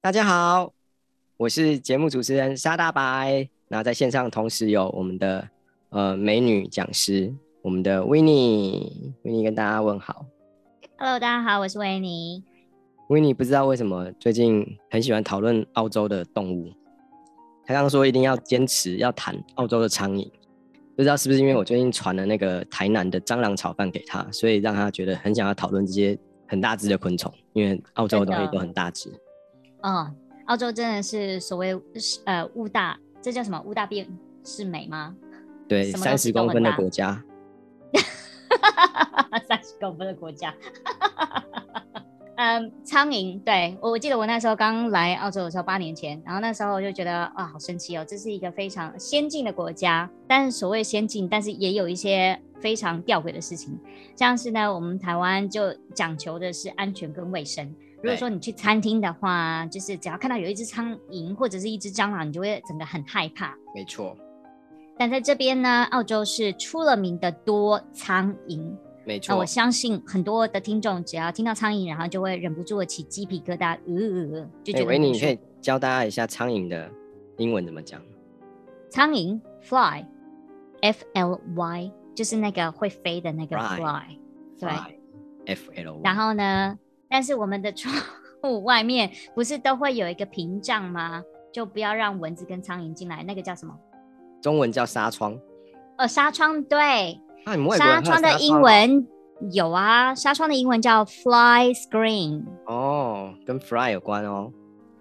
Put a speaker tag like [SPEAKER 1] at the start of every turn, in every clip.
[SPEAKER 1] 大家好，我是節目主持人沙大白。那在線上同時有我們的呃美女講師，我們的維妮，維妮跟大家問好。
[SPEAKER 2] Hello，大家好，我是維妮。
[SPEAKER 1] 維妮不知道為什麼最近很喜歡討論澳洲的動物。他剛剛說一定要堅持要談澳洲的蒼蠅，不知道是不是因為我最近傳了那個台南的蟑螂炒飯給他，所以讓他覺得很想要討論這些很大只的昆蟲，因為澳洲的東西都很大只。
[SPEAKER 2] 嗯、哦，澳洲真的是所謂是呃物大，這叫什麼物大便是美嗎？對，三十公分的國家，三十 公分的國家。 嗯，蒼蠅，對我我記得我那時候剛來澳洲的時候八年前，然後那時候我就覺得哇、哦、好神奇哦，這是一個非常先進的國家，但是所謂先進，但是也有一些非常吊詭的事情，像是呢我們台灣就講求的是安全跟衛生。如果說你去餐廳的話，對就是只要看到有一隻蒼蠅或者是一隻蟑螂，你就會整個很害怕。沒錯錯，但在這邊呢，澳洲是出了名的多蒼蠅。沒錯錯，那我相信很多的聽眾只要聽到蒼蠅，然後就會忍不住的起雞皮疙瘩，呃呃、嗯，嗯、就覺得你喂喂你。你可以
[SPEAKER 1] 教大家一下蒼蠅的英文怎麼講？
[SPEAKER 2] 蒼蠅，fly，f l y，就是那個會飛的那個 fly，right, 對
[SPEAKER 1] fly，f l y。然後
[SPEAKER 2] 呢？但是我們的窗戶外面不是都會有一個屏障嗎？就不要讓蚊子跟蒼蠅進來，那個叫什麼？
[SPEAKER 1] 中文叫紗窗。
[SPEAKER 2] 哦，紗窗對。那你
[SPEAKER 1] 們外國的紗窗的英文
[SPEAKER 2] 有啊？紗窗的英文叫 fly screen。
[SPEAKER 1] 哦，跟 fly 有
[SPEAKER 2] 關哦。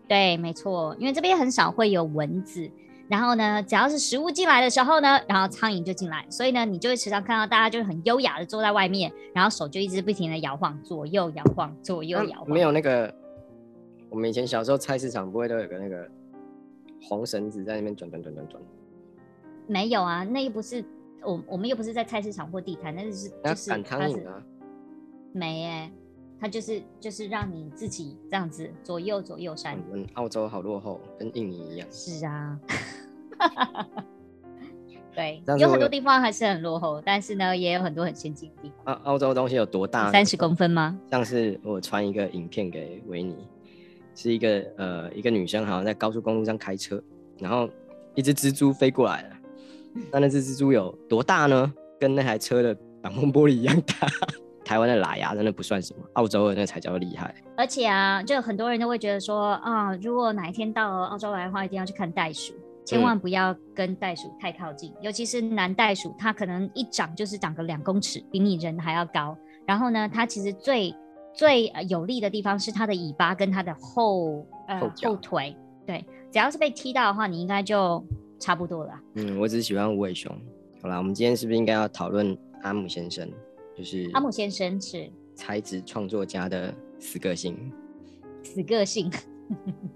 [SPEAKER 2] 對，沒錯，因為這邊很少會有蚊子。然後呢，只要是食物進來的時候呢，然後蒼蠅就進來，所以呢，你就會時常看到大家就是很優雅的坐在外面，然後手就一直不停的搖晃，左右搖晃，左右搖
[SPEAKER 1] 晃。沒有那個，我們以前小時候菜市場不會都有個那個紅繩子在那邊轉轉轉轉轉？
[SPEAKER 2] 沒有啊，那又不是我，我們又不是在菜市場或地攤，那是，那是趕蒼蠅啊？沒耶、欸。它就是就是讓你自己這樣子左右左右扇。我們
[SPEAKER 1] 澳洲好落後，跟印尼一樣。是
[SPEAKER 2] 啊， 對，是有很多地方還是很落後，但是呢，也有很多很先進的地方。
[SPEAKER 1] 澳澳洲東西有多大？三十公分嗎？像是我傳一個影片給維尼，是一個呃一個女生好像在高速公路上開車，然後一隻蜘蛛飛過來了。 但那那隻蜘蛛有多大呢？跟那台車的擋風玻璃一樣大。台灣的喇牙真的不算什麼，澳洲的那才叫厲害、欸。
[SPEAKER 2] 而且啊，就很多人都會覺得說，啊、哦，如果哪一天到了澳洲來的話，一定要去看袋鼠，千萬不要跟袋鼠太靠近，嗯、尤其是男袋鼠，它可能一長就是長個兩公尺，比你人還要高。然後呢，它其實最最有力的地方是它的尾巴跟它的後、呃、後腳、後腿。對，只要是被踢到的話，你應該就差不多了。
[SPEAKER 1] 嗯，我只是喜歡無尾熊。好啦，我們今天是不是應該要討論阿姆先生？就
[SPEAKER 2] 是阿木先生是
[SPEAKER 1] 才子創作家的死個性，
[SPEAKER 2] 死個性。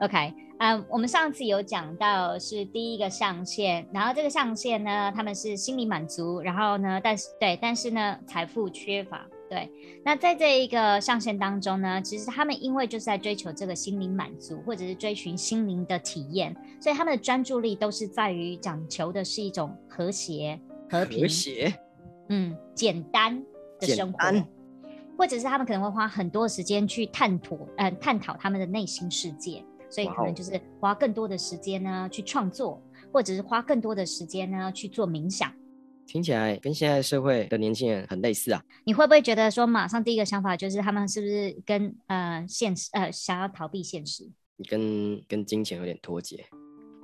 [SPEAKER 2] OK，啊、um,，我們上次有講到是第一個象限，然後這個象限呢，他們是心理滿足，然後呢，但是對，但是呢，財富缺乏。對，那在這一個象限當中呢，其實他們因為就是在追求這個心靈滿足，或者是追尋心靈的體驗，所以他們的專注力都是在於講求的是一種和諧和平。和嗯，簡單的生活，簡單。或者是他們可能會花很多時間去探討，嗯、呃，探討他們的內心世界，所以可能就是花更多的時間呢去創作，或者是花更多的時間呢去做冥想。
[SPEAKER 1] 聽起來跟現在社會的年輕人很類似啊！
[SPEAKER 2] 你會不會覺得說，馬上第一個想法就是他們是不是跟呃現實呃想要逃避現實？
[SPEAKER 1] 你跟跟金錢有點脫節。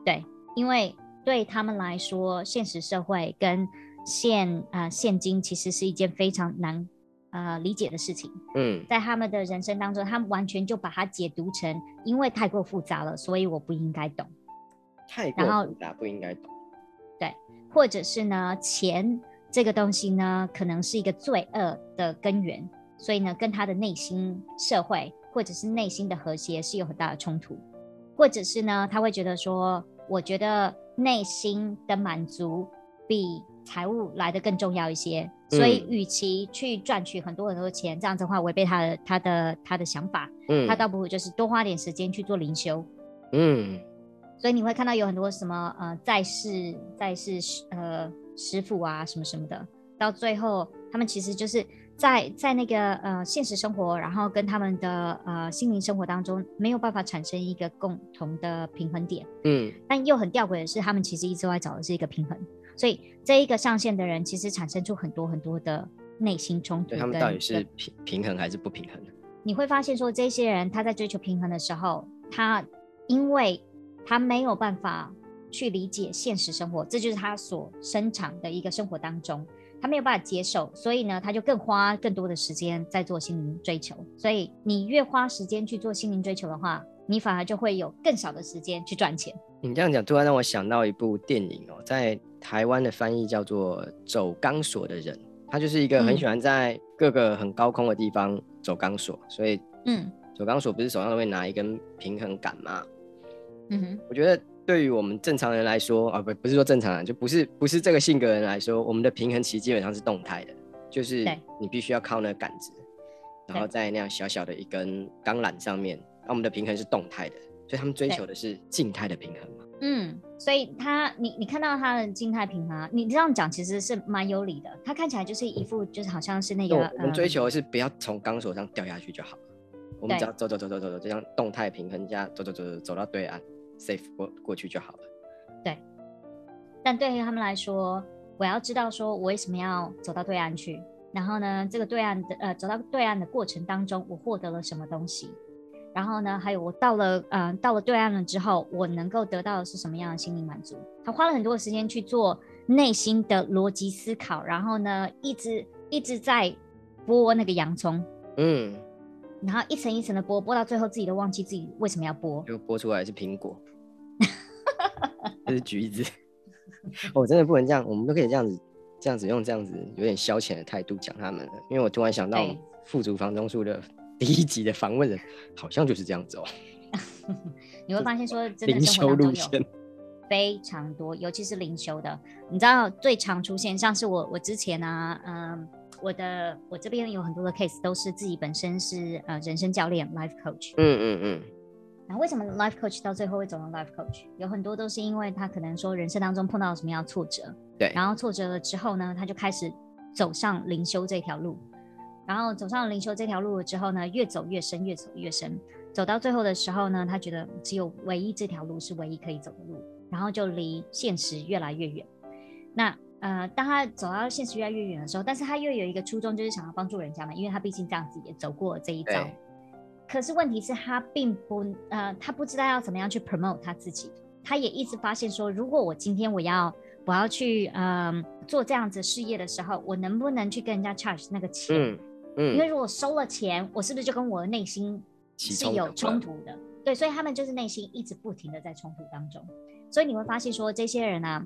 [SPEAKER 2] 對，因為對他們來說，現實社會跟。現啊、呃，現金其實是一件非常難啊、呃、理解的事情。嗯，在他們的人生當中，他們完全就把它解讀成，因為太過複雜了，所以我不應該懂。太過複雜，然後，不應該懂。對，或者是呢，錢這個東西呢，可能是一個罪惡的根源，所以呢，跟他的內心社會或者是內心的和諧是有很大的衝突。或者是呢，他會覺得說，我覺得內心的滿足比。財務來的更重要一些，所以與其去賺取很多很多錢，嗯、這樣子的話違背他的他的他的想法，嗯、他倒不如就是多花點時間去做靈修。嗯，所以你會看到有很多什麼呃在世在世呃師父啊什麼什麼的，到最後他們其實就是在在那個呃現實生活，然後跟他們的呃心靈生活當中沒有辦法產生一個共同的平衡點。嗯，但又很吊詭的是，他們其實一直都在找的是一個平衡。所以這一個象限的人，其實產生出很多很多的內心衝突。對他們到底是
[SPEAKER 1] 平平衡還是不平衡呢？
[SPEAKER 2] 你會發現說，說這些人他在追求平衡的時候，他因為他沒有辦法去理解現實生活，這就是他所生長的一個生活當中，他沒有辦法接受，所以呢，他就更花更多的時間在做心靈追求。所以你越花時間去做心靈追求的話，你反而就會有更少的時間去賺錢。
[SPEAKER 1] 你這樣講，突然讓我想到一部電影哦，在。台灣的翻譯叫做“走鋼索的人”，他就是一個很喜歡在各個很高空的地方走鋼索，嗯、所以，嗯，走鋼索不是手上都會拿一根平衡桿嗎？嗯哼，我覺得對於我們正常人來說，啊，不，不是說正常人，就不是不是這個性格人來說，我們的平衡其實基本上是動態的，就是你必須要靠那桿子，對然後在那樣小小的一根鋼纜上面，那對、啊、我們的平衡是動態的，所以他們追求的是靜態的平衡嘛。
[SPEAKER 2] 嗯，所以他，你你看到他的靜態平衡，你這樣講其實是蠻有理的。他看起來就是一副，就是好像是那個，對呃、我們追求
[SPEAKER 1] 的是不要從鋼索上掉下去就好了。我們只要走走走走走走，就像動態平衡一樣，走走走走走，走到對岸，safe 過過去就好了。
[SPEAKER 2] 對。但對於他們來說，我要知道說，我為什麼要走到對岸去？然後呢，這個對岸的，呃，走到對岸的過程當中，我獲得了什麼東西？然後呢，還有我到了，嗯、呃，到了對岸了之後，我能夠得到的是什麼樣的心理滿足？他花了很多的時間去做內心的邏輯思考，然後呢，一直一直在剝那個洋蔥，嗯，然後一層一層的剝，剝到最後自己都忘記自己為什麼要剝，
[SPEAKER 1] 就剝出來是蘋果，這 是橘子。我、 哦、真的不能這樣，我們都可以這樣子，這樣子用這樣子有點消遣的態度講他們了，因為我突然想到富足房中術的。一級的訪問人好像就是這樣子
[SPEAKER 2] 哦， 你會發現說，靈修路線非常多，尤其是靈修的，你知道最常出現像是我，我之前呢、啊，嗯，我的我這邊有很多的 case 都是自己本身是呃人生教練 life coach，嗯嗯嗯，嗯嗯然後為什麼 life coach 到最後會走上 life coach，有很多都是因為他可能說人生當中碰到了什麼樣的挫折，對，然後挫折了之後呢，他就開始走上靈修這條路。然後走上了靈修這條路之後呢，越走越深，越走越深。走到最後的時候呢，他覺得只有唯一這條路是唯一可以走的路，然後就離現實越來越遠。那呃，當他走到現實越來越遠的時候，但是他又有一個初衷，就是想要幫助人家嘛，因為他畢竟這樣子也走過這一遭。哎、可是問題是，他並不呃，他不知道要怎麼樣去 promote 他自己。他也一直發現說，如果我今天我要我要去嗯、呃、做這樣子事業的時候，我能不能去跟人家 charge 那個錢？嗯嗯，因為如果收了錢，嗯、我是不是就跟我的內心
[SPEAKER 1] 是有衝突的？
[SPEAKER 2] 對，所以他們就是內心一直不停的在衝突當中。所以你會發現說，這些人啊，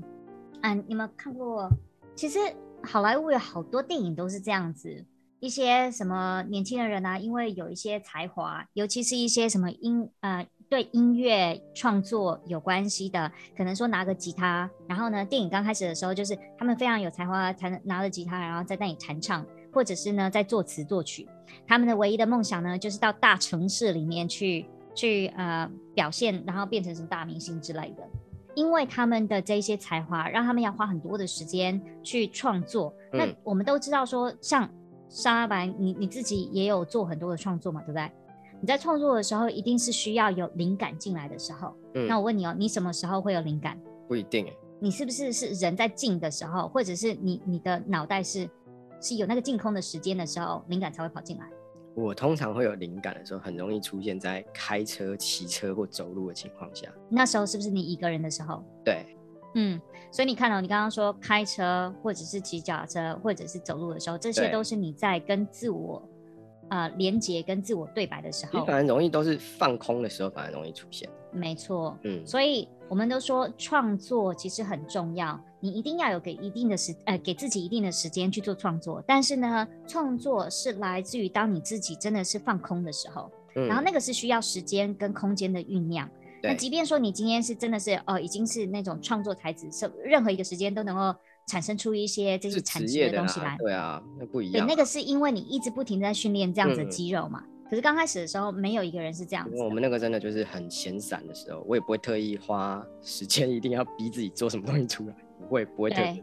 [SPEAKER 2] 嗯，你們看過，其實好萊塢有好多電影都是這樣子，一些什麼年輕的人啊，因為有一些才華，尤其是一些什麼音，呃，對音樂創作有關係的，可能說拿個吉他，然後呢，電影剛開始的時候就是他們非常有才華，彈拿着吉他，然後再帶你彈唱。或者是呢，在作詞作曲，他們的唯一的夢想呢，就是到大城市裡面去，去呃表現，然後變成什麼大明星之類的。因為他們的這一些才華，讓他們要花很多的時間去創作。那、嗯、我們都知道說，像沙大白，你你自己也有做很多的創作嘛，對不對？你在創作的時候，一定是需要有靈感進來的時候。嗯、那我問你哦、喔，你什麼時候會有靈感？不一定、欸、你是不是是人在靜的時候，或者是你你的腦袋是？是有那個淨空的時間的時候，靈感才會跑進來。
[SPEAKER 1] 我通常會有靈感的時候，很容易出現在開車、騎車或走路的情況下。
[SPEAKER 2] 那時候是不是你一個人的時候？對，嗯，所以你看到、喔、你剛剛說開車或者是騎腳踏車或者是走路的時候，這些都是你在跟自我啊對、呃、連接、跟自我對白的時候。你反
[SPEAKER 1] 而容易都是放空的時候，反而容易出現。
[SPEAKER 2] 沒錯錯，嗯，所以。我們都說創作其實很重要，你一定要有給一定的時呃，給自己一定的時間去做創作。但是呢，創作是來自於當你自己真的是放空的時候，嗯、然後那個是需要時間跟空間的醞釀。對那即便說你今天是真的是哦、呃，已經是那種創作才子，任任何一個時間都能夠產生出一些這些產出的東西來啊。對啊，
[SPEAKER 1] 那不一樣啊。那個
[SPEAKER 2] 是因為你一直不停地在訓練這樣子的肌肉嘛。嗯可是剛開始的時候，沒有一個人是這樣子。因為
[SPEAKER 1] 我們那個真的就是很閒散的時候，我也不會特意花時間，一定要逼自己做什麼東西出來，我也不會，不會這樣子。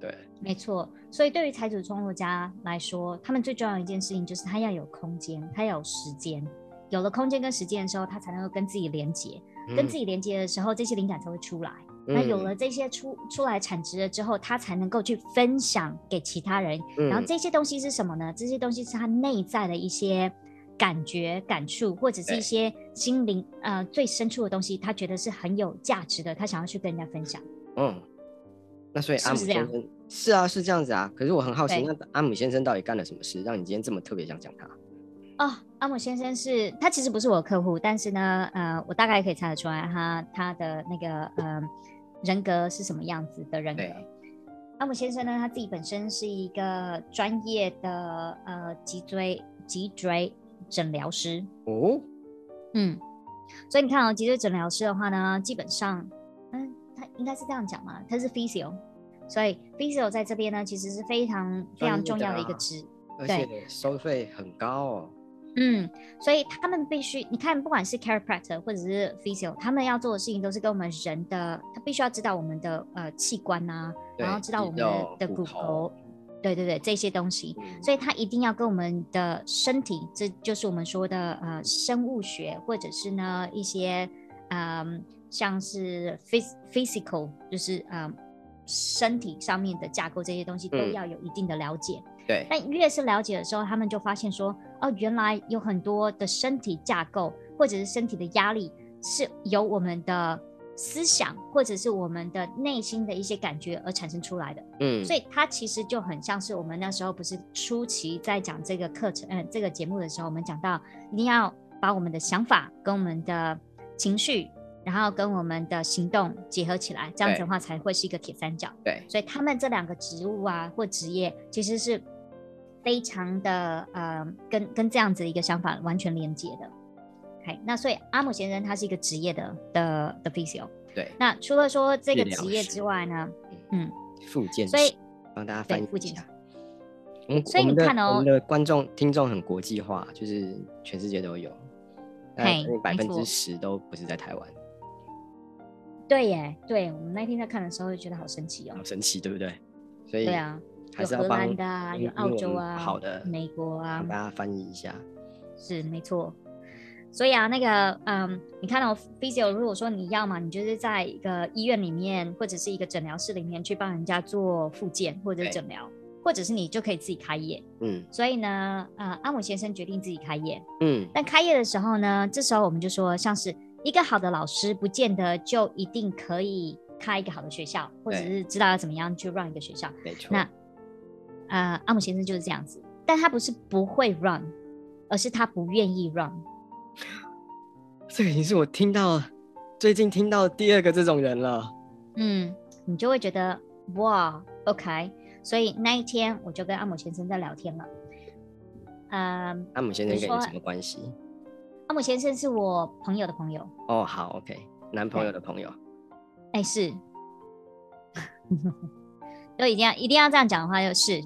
[SPEAKER 1] 對，對
[SPEAKER 2] 沒錯。所以對於才子創作家來說，他們最重要的一件事情就是他要有空間，他要有時間。有了空間跟時間的時候，他才能夠跟自己連接，嗯、跟自己連接的時候，這些靈感才會出來。嗯、那有了這些出出來產值了之後，他才能夠去分享給其他人。嗯、然後這些東西是什麼呢？這些東西是他內在的一些。感覺、感觸，或者是一些心靈對呃最深處的東西，他覺得是很有價值的，他想要去跟人家分享。
[SPEAKER 1] 嗯，那所以阿姆先生是，是，是啊，是這樣子啊。可是我很好奇，對那阿姆先生到底幹了什麼事，讓你今天這麼特別想講他？
[SPEAKER 2] 哦，阿姆先生是他其實不是我的客戶，但是呢，呃，我大概可以猜得出來他他的那個呃人格是什麼樣子的人格。對阿姆先生呢，他自己本身是一個專業的呃脊椎脊椎。脊椎診療師哦，嗯，所以你看哦，其實診療師的話呢，基本上，嗯，他應該是這樣講嘛，他是 physio，所以 physio 在這邊呢，其實是非常非常重要的一個職，
[SPEAKER 1] 啊、對而且收費很高哦。
[SPEAKER 2] 嗯，所以他們必須你看，不管是 chiropractor、er、或者是 physio，他們要做的事情都是跟我們人的，他必須要知道我們的呃器官吶、啊，對然後知道我們的骨頭。骨頭對對對，這些東西，所以他一定要跟我們的身體，這就是我們說的呃生物學，或者是呢一些嗯、呃、像是 phys physical，就是嗯、呃、身體上面的架構這些東西、嗯、都要有一定的了解。對，但越是了解的時候，他們就發現說，哦，原來有很多的身體架構或者是身體的壓力是由我們的。思想或者是我們的內心的一些感覺而產生出來的，嗯，所以它其實就很像是我們那時候不是初期在講這個課程，嗯、呃，這個節目的時候，我們講到一定要把我們的想法跟我們的情緒，然後跟我們的行動結合起來，這樣子的話才會是一個鐵三角。對，所以他們這兩個職務啊或職業其實是非常的呃跟跟這樣子一個想法完全連接的。OK，那所以阿姆先生他是一個職業的的的 physio。對。那除了說這個職業之外呢，嗯，復健師。所以幫大家翻譯一下。嗯，
[SPEAKER 1] 所以你看哦，我們的觀眾聽眾很國際化，就是全世界都有。
[SPEAKER 2] 對，沒錯。百分之
[SPEAKER 1] 十都不是在台灣。
[SPEAKER 2] 對耶，對我們那天在看的時候就覺得好神奇哦，好
[SPEAKER 1] 神奇，對不對？所以對啊，還有荷蘭啊，有澳洲啊，好的，
[SPEAKER 2] 美國啊，幫
[SPEAKER 1] 大家翻譯一下。
[SPEAKER 2] 是，沒錯。所以啊，那個，嗯，你看到，哦，Physio，如果說你要嘛，你就是在一個醫院裡面，或者是一個診療室裡面去幫人家做復健，或者是診療，欸，或者是你就可以自己開業。嗯。所以呢，呃，阿姆先生決定自己開業。嗯。但開業的時候呢，這時候我們就說，像是一個好的老師，不見得就一定可以開一個好的學校，或者是知道要怎麼樣去 run 一個學校。沒錯，欸。那，錯呃，阿姆先生就是這樣子，但他不是不會 run，而是他不願意 run。
[SPEAKER 1] 這已經是我聽到最近聽到第二個這種人了。
[SPEAKER 2] 嗯，你就會覺得哇，OK。所以那一天我就跟阿姆先生在聊天了。呃、嗯，阿姆先生跟你，跟你什麼關係？阿姆先生是我朋友的朋友。
[SPEAKER 1] 哦，好，OK，男朋友的朋友。
[SPEAKER 2] 哎，是， 就一定要一定要這樣講的話，就是。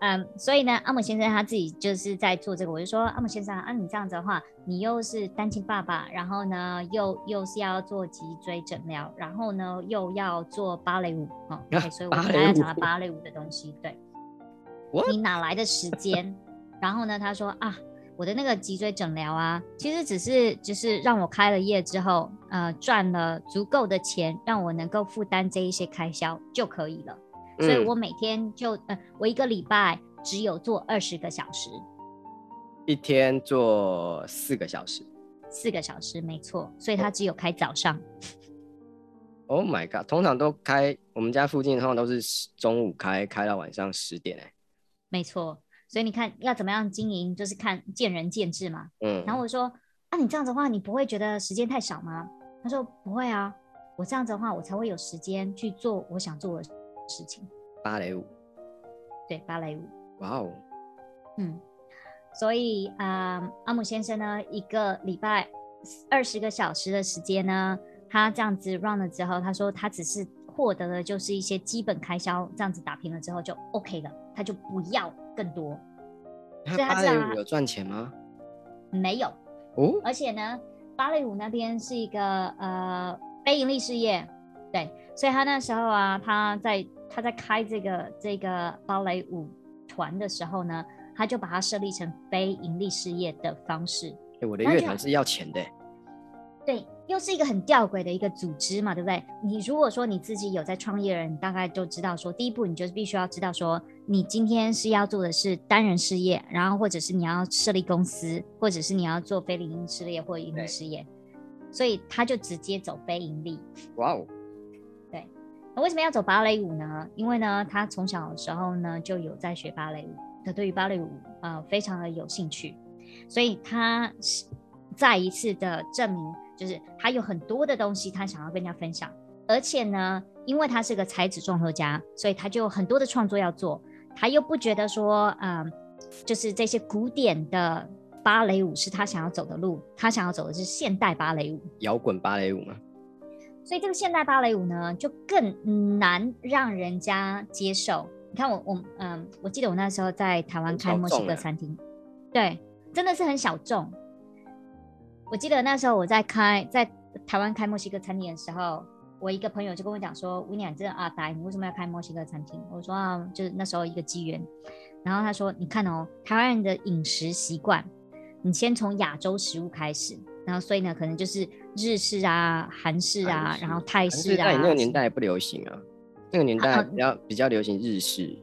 [SPEAKER 2] 嗯，um, 所以呢，阿姆先生他自己就是在做這個。我就說，阿姆先生，啊，你這樣子的話，你又是單親爸爸，然後呢，又又是要做脊椎診療，然後呢，又要做芭蕾舞，哈、哦，所以我們要講到芭蕾舞的東西。對，What? 你哪來的時間？然後呢，他說啊，我的那個脊椎診療啊，其實只是就是讓我開了業之後，呃，賺了足夠的錢，讓我能夠負擔這一些開銷就可以了。所以我每天就、嗯、呃，我一個禮拜只有做二十個小時，
[SPEAKER 1] 一天做四個小時，
[SPEAKER 2] 四個小時沒錯，所以他只有開早上。
[SPEAKER 1] Oh. Oh my God，通常都開我們家附近通常都是中午開，開到晚上十點哎，
[SPEAKER 2] 沒錯，所以你看要怎麼樣經營，就是看見仁見智嘛。嗯，然後我說啊，你這樣子的話，你不會覺得時間太少嗎？他說不會啊，我這樣子的話，我才會有時間去做我想做的事。
[SPEAKER 1] 事情，芭蕾舞，
[SPEAKER 2] 對芭蕾舞，哇哦，嗯，所以啊、嗯，阿姆先生呢，一個禮拜二十個小時的時間呢，他這樣子 run 了之後，他說他只是獲得的就是一些基本開銷，這樣子打平了之後就 OK 了，他就不要更多。
[SPEAKER 1] 所以他芭蕾舞有賺錢嗎？
[SPEAKER 2] 沒有哦，而且呢，芭蕾舞那邊是一個呃非盈利事業，對。所以他那時候啊，他在他在開這個這個芭蕾舞團的時候呢，他就把它設立成非盈利事業的方式。
[SPEAKER 1] 欸、我的樂團是要錢的、欸。
[SPEAKER 2] 對，又是一個很弔詭的一個組織嘛，對不對？你如果說你自己有在創業人，你大概就知道說，第一步你就必須要知道說，你今天是要做的是單人事業，然後或者是你要設立公司，或者是你要做非營利事業或者盈利事業。對所以他就直接走非盈利。哇哦。為什麼要走芭蕾舞呢？因為呢，他從小的時候呢就有在學芭蕾舞，他對於芭蕾舞呃非常的有興趣，所以他是再一次的證明，就是他有很多的東西他想要跟人家分享。而且呢，因為他是個才子創作家，所以他就有很多的創作要做。他又不覺得說，嗯、呃，就是這些古典的芭蕾舞是他想要走的路，他想要走的是現代芭蕾舞，
[SPEAKER 1] 搖滾芭蕾舞嗎？
[SPEAKER 2] 所以這個現代芭蕾舞呢，就更難讓人家接受。你看我我嗯、呃，我記得我那時候在台灣開墨西哥餐廳，對，真的是很小眾。我記得那時候我在開在台灣開墨西哥餐廳的時候，我一個朋友就跟我講說：“Winnie，這阿呆，你為什麼要開墨西哥餐廳？”我說：“啊，就是那時候一個機緣。”然後他說：“你看哦，台灣人的飲食習慣，你先從亞洲食物開始。”然後，所以呢，可能就是日式啊、韓式啊，式然後泰式啊。在你那個年代
[SPEAKER 1] 不流行啊，是那個年代比較、啊、比較流行日式。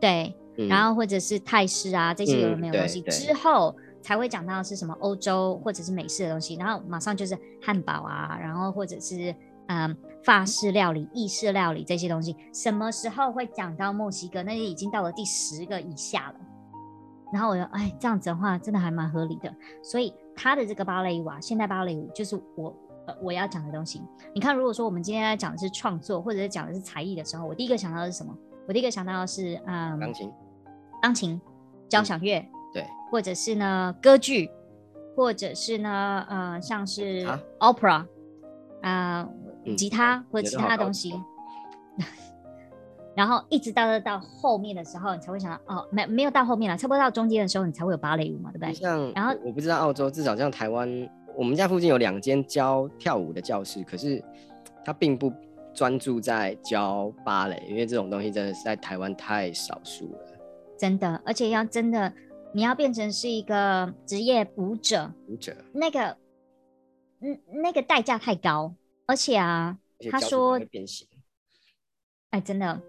[SPEAKER 1] 對，嗯、然後
[SPEAKER 2] 或者是泰式啊，這些有沒有東西？嗯、之後才會講到是什麼歐洲或者是美式的東西，然後馬上就是漢堡啊，然後或者是嗯法式料理、意式料理這些東西。什麼時候會講到墨西哥？那就已經到了第十個以下了。然後我就哎，這樣子的話真的還蠻合理的，所以。他的這個芭蕾舞啊，現代芭蕾舞就是我呃我要講的東西。你看，如果說我們今天在講的是創作，或者是講的是才藝的時候，我第一個想到的是什麼？我第一個想到的是，嗯，鋼琴，鋼琴，交響樂、嗯，對，或者是呢歌劇，或者是呢，嗯、呃，像是 opera 啊，呃嗯、吉他或者、嗯、其他的東西。 然後一直到到後面的時候，你才會想到哦，沒沒有到後面了，差不多到中間的時候，你才會有芭蕾舞嘛，對不對？
[SPEAKER 1] 像然後我不知道澳洲，至少像台灣，我們家附近有兩間教跳舞的教室，可是他並不專注在教芭蕾，因為這種東西真的是在台灣太少數了。
[SPEAKER 2] 真的，而且要真的你要變成是一個職業舞者，舞者那個、嗯、那個代價太高，而且啊而且他說變
[SPEAKER 1] 形
[SPEAKER 2] 哎真的。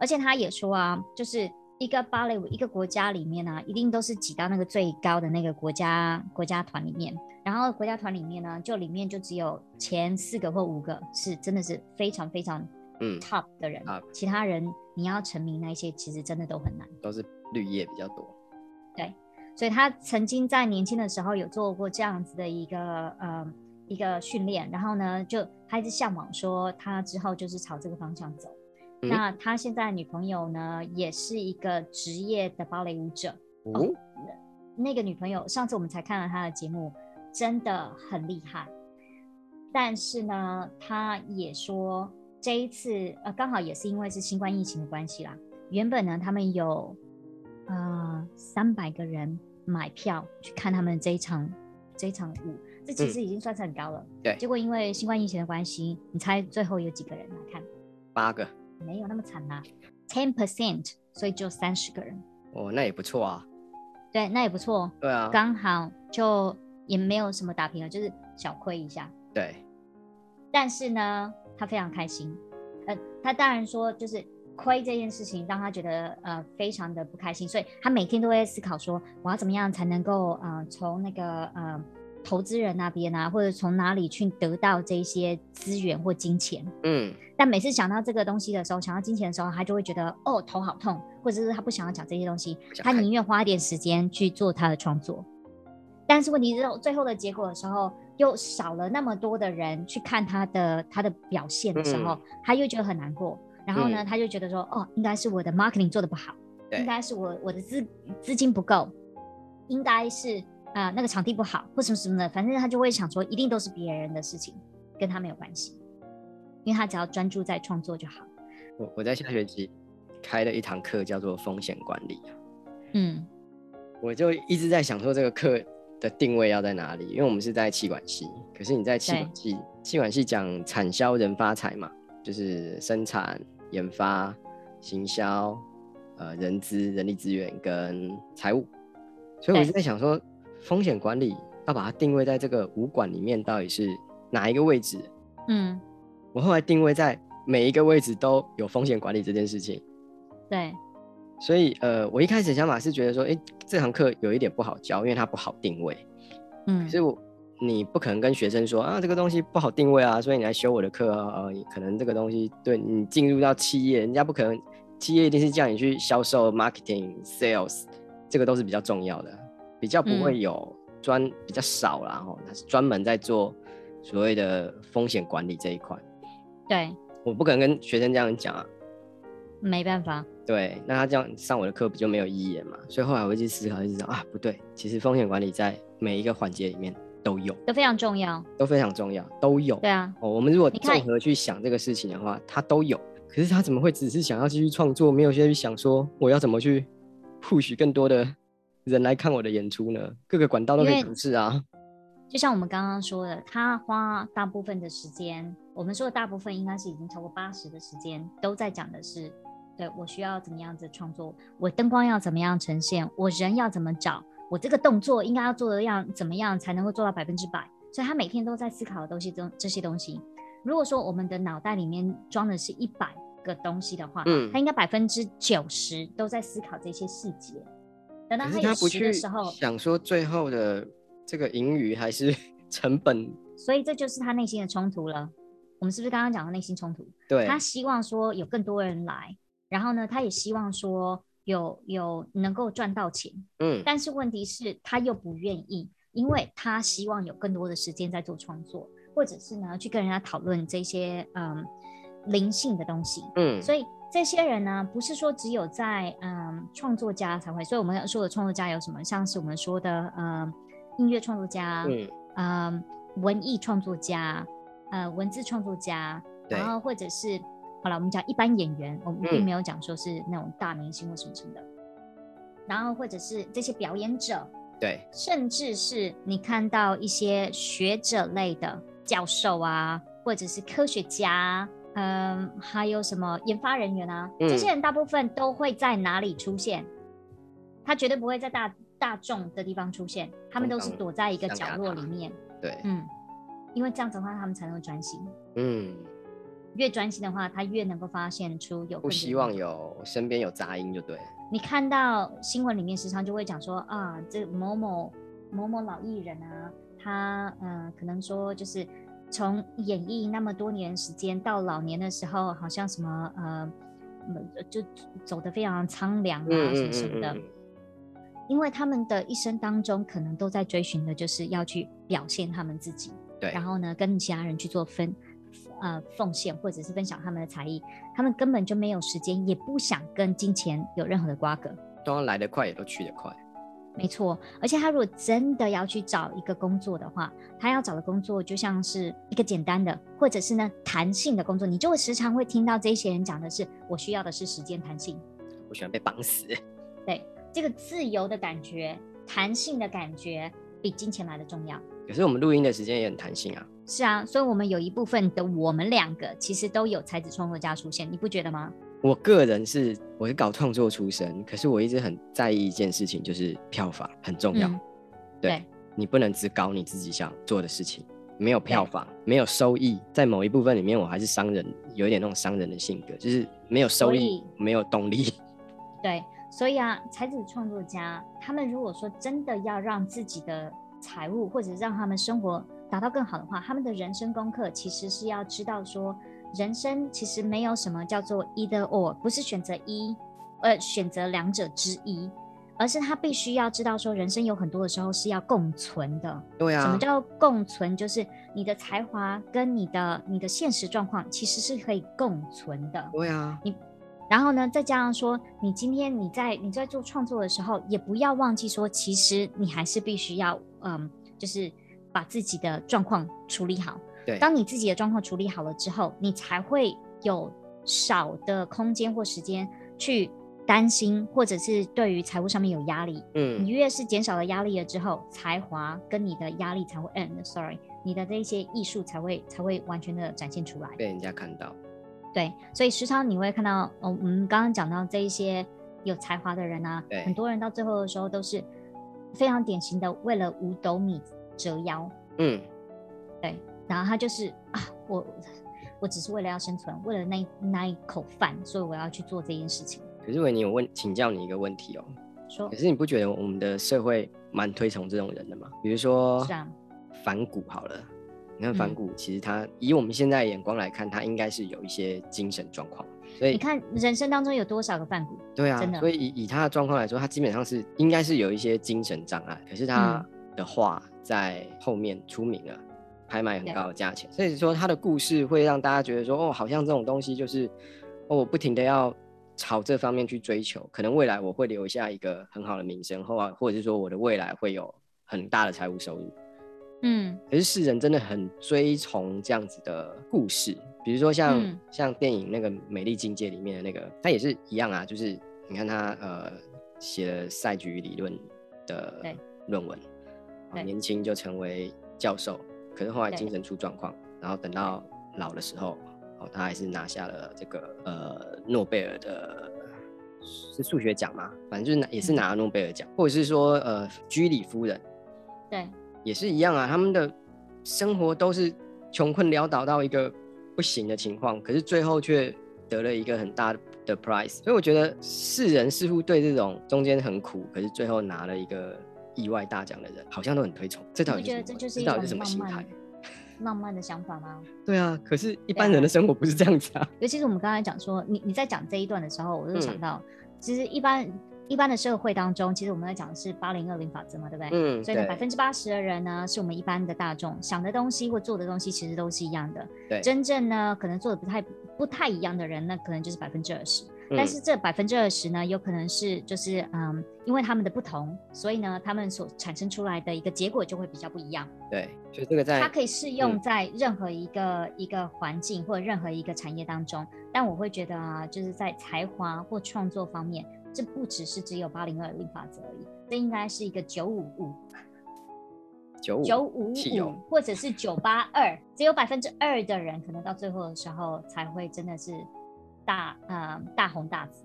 [SPEAKER 2] 而且他也說啊，就是一個芭蕾舞，一個國家裡面呢、啊，一定都是擠到那個最高的那個國家國家團裡面，然後國家團裡面呢，就裡面就只有前四個或五個是真的是非常非常嗯 top 的人。嗯啊、其他人你要成名那些其實真的都很難，
[SPEAKER 1] 都是綠葉比較多。
[SPEAKER 2] 對，所以他曾經在年輕的時候有做過這樣子的一個呃一個訓練，然後呢，就他一直嚮往說他之後就是朝這個方向走。嗯、那他現在的女朋友呢，也是一個職業的芭蕾舞者。哦、嗯，oh, 那個女朋友上次我們才看了她的節目，真的很厲害。但是呢，他也說這一次呃，剛好也是因為是新冠疫情的關係啦。原本呢，他們有呃三百個人買票去看他們這一場這一場舞，這其實已經算是很高了。嗯、對。結果因為新冠疫情的關係，你猜最後有幾個人來看？
[SPEAKER 1] 八個。
[SPEAKER 2] 沒有那麼慘啊，ten percent，所以只有三十個人
[SPEAKER 1] 哦，那也不錯啊。
[SPEAKER 2] 對，那也不錯。對啊，剛好就也沒有什麼打平了，就是小虧一下。對。但是呢，他非常開心。呃，他當然說，就是虧這件事情讓他覺得呃非常的不開心，所以他每天都會思考說，我要怎麼樣才能夠呃從那個呃。投資人那邊啊，或者從哪裡去得到這些資源或金錢？嗯，但每次想到這個東西的時候，想到金錢的時候，他就會覺得哦，頭好痛，或者是他不想要講這些東西，他寧願花一點時間去做他的創作。但是問題是，最後的結果的時候，又少了那麼多的人去看他的他的表現的時候，嗯、他又覺得很難過。然後呢，嗯、他就覺得說，哦，應該是我的 marketing 做的不好，對應該是我我的資資金不夠，應該是。啊、呃，那個場地不好，或什麼什麼的，反正他就會想說，一定都是別人的事情，跟他沒有關係，因為他只要專注在創作就好。
[SPEAKER 1] 我我在下學期開了一堂課，叫做風險管理。嗯，我就一直在想說，這個課的定位要在哪裡？因為我們是在企管系，可是你在企管系，企對管系講產銷人發財嘛，就是生產、研發、行銷，呃，人資、人力資源跟財務。所以我一直在想說。風險管理要把它定位在這個五管裡面到底是哪一個位置？嗯，我後來定位在每一個位置都有風險管理這件事情。對，所以呃，我一開始想法是覺得說，哎、欸，這堂課有一點不好教，因為它不好定位。嗯，可是我你不可能跟學生說啊，這個東西不好定位啊，所以你來修我的課啊，呃、可能這個東西對你進入到企業，人家不可能企業一定是叫你去銷售、marketing、sales，這個都是比較重要的。比較不會有專、嗯、比較少然哈，他是專門在做所謂的風險管理這一塊。對，我不可能跟學生這樣講啊，
[SPEAKER 2] 沒辦法。
[SPEAKER 1] 對，那他這樣上我的課不就沒有意義了嘛？所以後來我會去思考，就是說啊，不對，其實風險管理在每一個環節裡面都有，
[SPEAKER 2] 都非常重要，
[SPEAKER 1] 都非常重要，都有。對啊，哦、喔，我們如果綜合去想這個事情的話，他都有。可是他怎麼會只是想要繼續創作，沒有先去想說我要怎麼去獲取更多的？人來看我的演出呢，各個管道都可以控制啊。
[SPEAKER 2] 就像我們剛剛說的，他花大部分的時間，我們說的大部分應該是已經超過八十的時間，都在講的是，對，我需要怎麼樣子創作，我燈光要怎麼樣呈現，我人要怎麼找，我這個動作應該要做要怎麼樣才能夠做到百分之百。所以他每天都在思考的東西，這這些東西，如果說我們的腦袋裡面裝的是一百個東西的話，嗯，他應該百分之九十都在思考這些細節。等到他不去的時候，
[SPEAKER 1] 想說最後的這個盈餘還是成本，
[SPEAKER 2] 所以這就是他內心的衝突了。我們是不是剛剛講的內心衝突？對，他希望說有更多人來，然後呢，他也希望說有有能夠賺到錢，嗯，但是問題是他又不願意，因為他希望有更多的時間在做創作，或者是呢去跟人家討論這些嗯、呃、靈性的東西，嗯，所以。這些人呢，不是說只有在嗯創、呃、作家才會，所以我們說的創作家有什麼？像是我們說的嗯、呃、音樂創作家，嗯，呃、文藝創作家，嗯、呃、文字創作家，對然後或者是好了，我們講一般演員，我們並沒有講說是那種大明星或什麼什麼的，嗯、然後或者是這些表演者，對，甚至是你看到一些學者類的教授啊，或者是科學家。嗯，還有什麼研發人員啊，嗯，這些人大部分都會在哪裡出現？他絕對不會在大大眾的地方出現，他們都是躲在一個角落裡面。對，嗯，因為這樣子的話，他們才能專心。嗯，嗯，越專心的話，他越能夠發現出有不希望
[SPEAKER 1] 有身邊有雜音就對。
[SPEAKER 2] 你看到新聞裡面時常就會講說啊，這某某某某老藝人啊，他嗯，呃，可能說就是。從演藝那麼多年時間到老年的時候，好像什麼呃，就走得非常蒼涼啊，什麼、嗯嗯嗯嗯、什麼的。因為他們的一生當中，可能都在追尋的就是要去表現他們自己，對。然後呢，跟其他人去做分呃奉獻，或者是分享他們的才藝，他們根本就沒有時間，也不想跟金錢有任何的瓜葛。
[SPEAKER 1] 都要來得快，也都去得快。
[SPEAKER 2] 沒錯，而且他如果真的要去找一個工作的話，他要找的工作就像是一個簡單的，或者是呢彈性的工作。你就會時常會聽到這些人講的是，我需要的是時間彈性，
[SPEAKER 1] 我喜歡被綁死。
[SPEAKER 2] 對，這個自由的感覺，彈性的感覺比金錢來的重要。
[SPEAKER 1] 可是我們錄音的時間也很彈性啊。
[SPEAKER 2] 是啊，所以我們有一部分的我們兩個其實都有才子創作家出現，你不覺得嗎？
[SPEAKER 1] 我個人是，我是搞創作出身，可是我一直很在意一件事情，就是票房很重要。嗯、對，對，你不能只搞你自己想做的事情，沒有票房，對，沒有收益，在某一部分裡面，我還是商人，有一點那種商人的性格，就是沒有收益，以，沒有動力。
[SPEAKER 2] 對，所以啊，才子創作家他們如果說真的要讓自己的財務或者讓他們生活達到更好的話，他們的人生功課其實是要知道說。人生其實沒有什麼叫做 either or，不是選擇一，呃，選擇兩者之一，而是他必須要知道說，人生有很多的時候是要共存的。對啊。什麼叫共存？就是你的才華跟你的你的現實狀況其實是可以共存的。對啊。你，然後呢，再加上說，你今天你在你在做創作的時候，也不要忘記說，其實你還是必須要，嗯，就是把自己的狀況處理好。對，當你自己的狀況處理好了之後，你才會有少的空間或時間去擔心，或者是對於財務上面有壓力。嗯，你越是減少了壓力了之後，才華跟你的壓力才會 end，sorry，你的這一些藝術才會才會完全的展現出來，被人家看到。對，所以時常你會看到，哦，我們剛剛講到這一些有才華的人啊，對，很多人到最後的時候都是非常典型的為了五斗米折腰。
[SPEAKER 1] 嗯，
[SPEAKER 2] 對。然後他就是啊，我我只是為了要生存，為了那那一口飯，所以我要去做這件事情。
[SPEAKER 1] 可是，維妮，我問，請教你一個問題哦、喔。說。可是你不覺得我們的社會蠻推崇這種人的嗎？比如說、啊、梵谷好了，你看梵谷，嗯、其實他以我們現在眼光來看，他應該是有一些精神狀況。所以你看，
[SPEAKER 2] 人生當中有多少個梵谷？對啊，真的。所以
[SPEAKER 1] 以以他的狀況來說，他基本上是應該是有一些精神障礙。可是他的畫在後面出名了。嗯拍賣很高的價錢，Yeah. 所以說他的故事會讓大家覺得說哦，好像這種東西就是哦，我不停的要朝這方面去追求，可能未來我會留下一個很好的名聲，或或者是說我的未來會有很大的財務收入。嗯，可是世人真的很追從這樣子的故事，比如說像、嗯、像電影那個《美麗境界》裡面的那個，他也是一樣啊，就是你看他呃寫了賽局理論的論文，年輕就成為教授。可是後來精神出狀況，對然後等到老的時候，哦，他還是拿下了這個呃諾貝爾的，是數學獎嗎？反正就是拿，也是拿了諾貝爾獎，嗯、或者是說呃居里夫人，
[SPEAKER 2] 對，
[SPEAKER 1] 也是一樣啊。他們的生活都是窮困潦倒到一個不行的情況，可是最後卻得了一個很大的 price。所以我覺得世人似乎對這種中間很苦，可是最後拿了一個。意外大獎的人好像都很推崇，這到底是什麼？這就是一種浪漫
[SPEAKER 2] 心態？浪漫的想法嗎？
[SPEAKER 1] 對啊，可是一般人的生活不是這樣子啊。啊
[SPEAKER 2] 尤其是我們剛才講說，你你在講這一段的時候，我就想到，嗯、其實一般一般的社會當中，其實我們在講的是八零二零法則嘛，對不對？嗯。所以呢，百分之八十的人呢，是我們一般的大眾，想的東西或做的東西其實都是一樣的。對。真正呢，可能做的不太不太一樣的人呢，那可能就是百分之二十，但是這百分之二十呢，有可能是就是嗯，因為他們的不同，所以呢，他們所產生出來的一個結果就會比較不一樣。對，
[SPEAKER 1] 就是這個在它可以
[SPEAKER 2] 適用在任何一個、嗯、一個環境或者任何一個產業當中。但我會覺得啊，就是在才華或創作方面，這不只是只有八零二零法則而已，這應該是一個九五五九五九五五或者是九八二，只有百分之二的人可能到最後的時候才會真的是。大啊、呃，大紅大
[SPEAKER 1] 紫。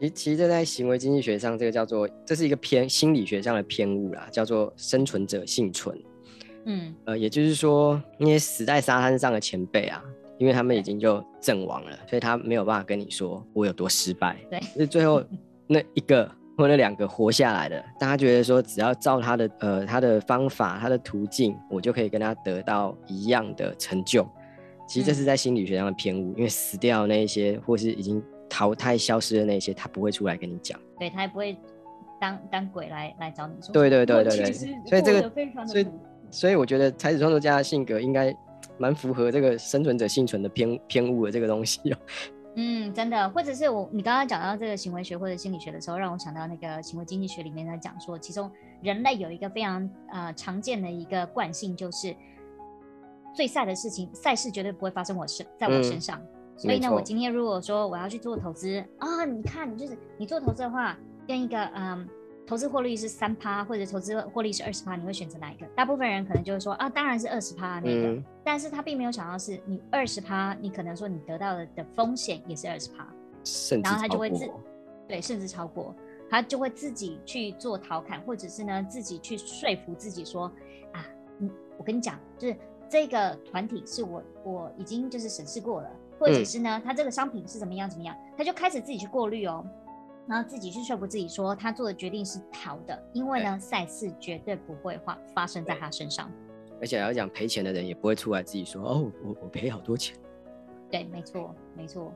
[SPEAKER 1] 其實，其實這在行為經濟學上，這個叫做，這是一個偏心理學上的偏誤啦，叫做生存者倖存。嗯，呃，也就是說，那些死在沙灘上的前輩啊，因為他們已經就陣亡了，對所以他沒有辦法跟你說我有多失敗。對，那最後 那一個或那兩個活下來的，但他覺得說，只要照他的呃他的方法，他的途徑，我就可以跟他得到一樣的成就。其實這是在心理學上的偏誤，因為死掉那一些，或是已經淘汰消失的那些，他不會出來跟你講，
[SPEAKER 2] 對，他也不會當當鬼來來找你說。對對對對對，所以這個，所以
[SPEAKER 1] 所以我覺得才子創作家的性格應該蠻符合這個生存者幸存的偏偏誤的這個東西喔。嗯，
[SPEAKER 2] 真的，或者是我你剛剛講到這個行為學或者心理學的時候，讓我想到那個行為經濟學裡面在講說，其中人類有一個非常呃常見的一個慣性就是。最賽的事情，賽事絕對不會發生。我身在我身上，嗯、所以呢，沒錯。我今天如果說我要去做投資啊、哦，你看，就是你做投資的話，跟一個嗯，投資獲利是三趴，或者投資獲利是二十趴，你會選擇哪一個？大部分人可能就會說啊，當然是二十趴那個。嗯、但是他並沒有想到，是你二十趴，你可能說你得到的的風險也是二十趴，然後他就會自對，甚至超過，他就會自己去做調侃，或者是呢，自己去說服自己說啊你，我跟你講，就是。這個團體是我我已經就是審視過了，或者是呢，他這個商品是怎麼樣怎麼樣，他就開始自己去過濾哦，然後自己去說服自己說他做的決定是好的，因為呢、哎、賽事絕對不會發發生在他身上，
[SPEAKER 1] 而且要講賠錢的人也不會出來自己說哦，我我賠好多錢，
[SPEAKER 2] 對，沒錯沒錯，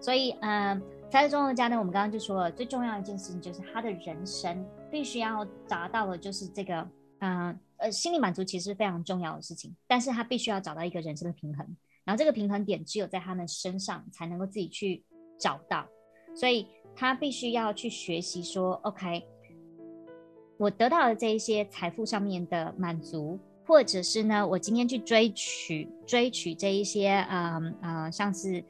[SPEAKER 2] 所以嗯，才子創作家呢，我們剛剛就說了，最重要一件事情就是他的人生必須要達到的就是這個。嗯，呃，心理滿足其實非常重要的事情，但是他必須要找到一個人生的平衡，然後這個平衡點只有在他們身上才能夠自己去找到，所以他必須要去學習說，OK，我得到的這一些財富上面的滿足，或者是呢，我今天去追取追取這一些，嗯、呃、嗯、呃，像是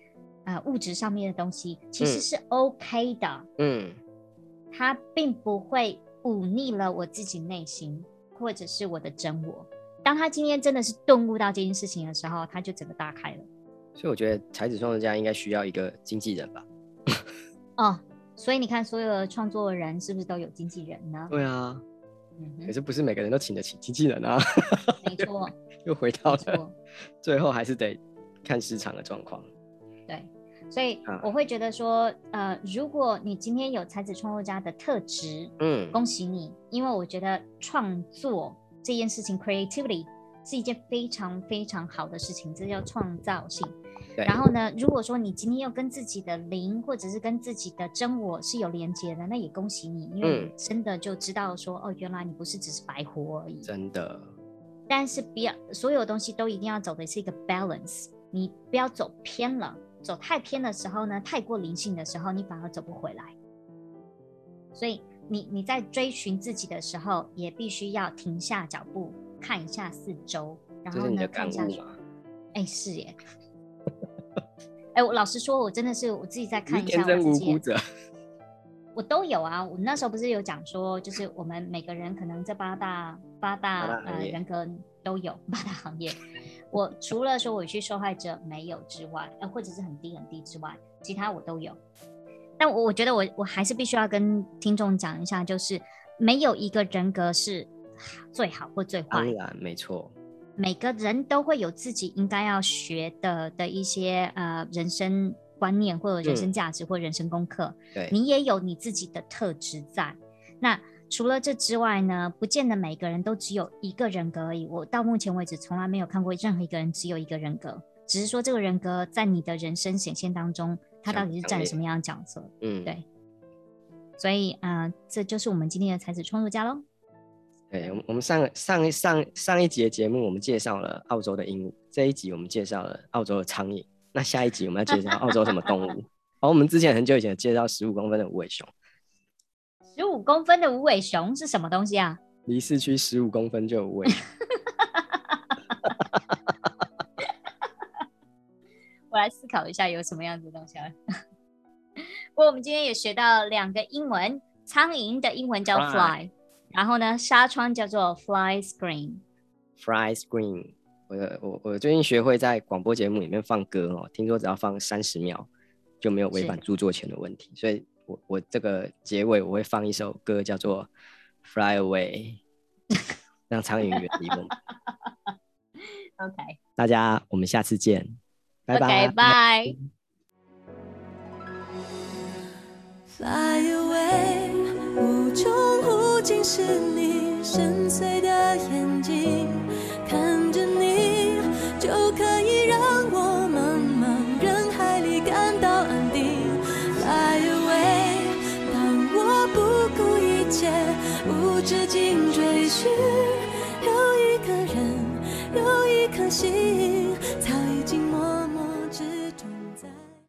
[SPEAKER 2] 啊、呃、物質上面的東西，其實是 OK 的，嗯，嗯他並不會忤逆了我自己內心。或者是我的真我，當他今天真的是頓悟到這件事情的時候，他就整個大開了。
[SPEAKER 1] 所以我覺得才子創作家應該需要一個經紀人吧。
[SPEAKER 2] 哦，所以你看，所有的創作人是不是都有經紀人呢？對
[SPEAKER 1] 啊，嗯、哼可是不是每個人都請得起經紀人啊？ 又沒錯錯，又回到了，錯最後還是得看市場的狀況。
[SPEAKER 2] 對。所以我會覺得說，啊、呃，如果你今天有才子創作家的特質，嗯，恭喜你，因為我覺得創作這件事情 creativity 是一件非常非常好的事情，這叫創造性。對。然後呢，如果說你今天要跟自己的靈或者是跟自己的真我是有連接的，那也恭喜你，因為真的就知道說，嗯、哦，原來你不是只是白活
[SPEAKER 1] 而已。真的。
[SPEAKER 2] 但是不要所有東西都一定要走的是一個 balance，你不要走偏了。走太偏的時候呢，太過靈性的時候，你反而走不回來。所以你，你你在追尋自己的時候，也必須要停下腳步，看一下四周，然後呢，你的啊、看一下。哎、欸，是耶。哎、欸，我老實說，我真的是我自己再看一下我自己。我都有啊，我那時候不是有講說，就是我們每個人可能這八大八大，八大呃人格都有，八大行業。我除了說委屈受害者沒有之外，呃，或者是很低很低之外，其他我都有。但我我覺得我我還是必須要跟聽眾講一下，就是沒有一個人格是最好或最壞。當然，沒錯。每個人都會有自己應該要學的的一些呃人生觀念，或者人生價值，嗯、或人生功課。對。你也有你自己的特質在那。除了這之外呢，不見得每一個人都只有一個人格而已。我到目前為止從來沒有看過任何一個人只有一個人格，只是說這個人格在你的人生顯現當中，他到底是占什麼樣的角色？對嗯，對。所以嗯、呃，這就是我們今天的才子創作家嘍。
[SPEAKER 1] 對，我們上上上上一集的節目，我們介紹了澳洲的鸚鵡，這一集我們介紹了澳洲的蒼蠅。那下一集我們要介紹澳洲什麼動物？好、 哦，我們之前很久以前介紹十五公分的無尾熊。
[SPEAKER 2] 十五公分的無尾熊是什麼東西啊？
[SPEAKER 1] 離市區十五公分就有尾。
[SPEAKER 2] 我來思考一下有什麼樣子的東西啊？ 不過我們今天也學到兩個英文，蒼蠅的英文叫 fly，, fly. 然後呢，紗窗叫做 fly screen。
[SPEAKER 1] fly screen，我我我最近學會在廣播節目裡面放歌哦，聽說只要放三十秒就沒有違反著作權的問題，是所以。我我這個結尾我會放一首歌叫做 away, 《Fly Away》，讓蒼蠅遠離我們。
[SPEAKER 2] OK，
[SPEAKER 1] 大家，我們下次見，
[SPEAKER 2] 拜 Okay,
[SPEAKER 1] 拜拜。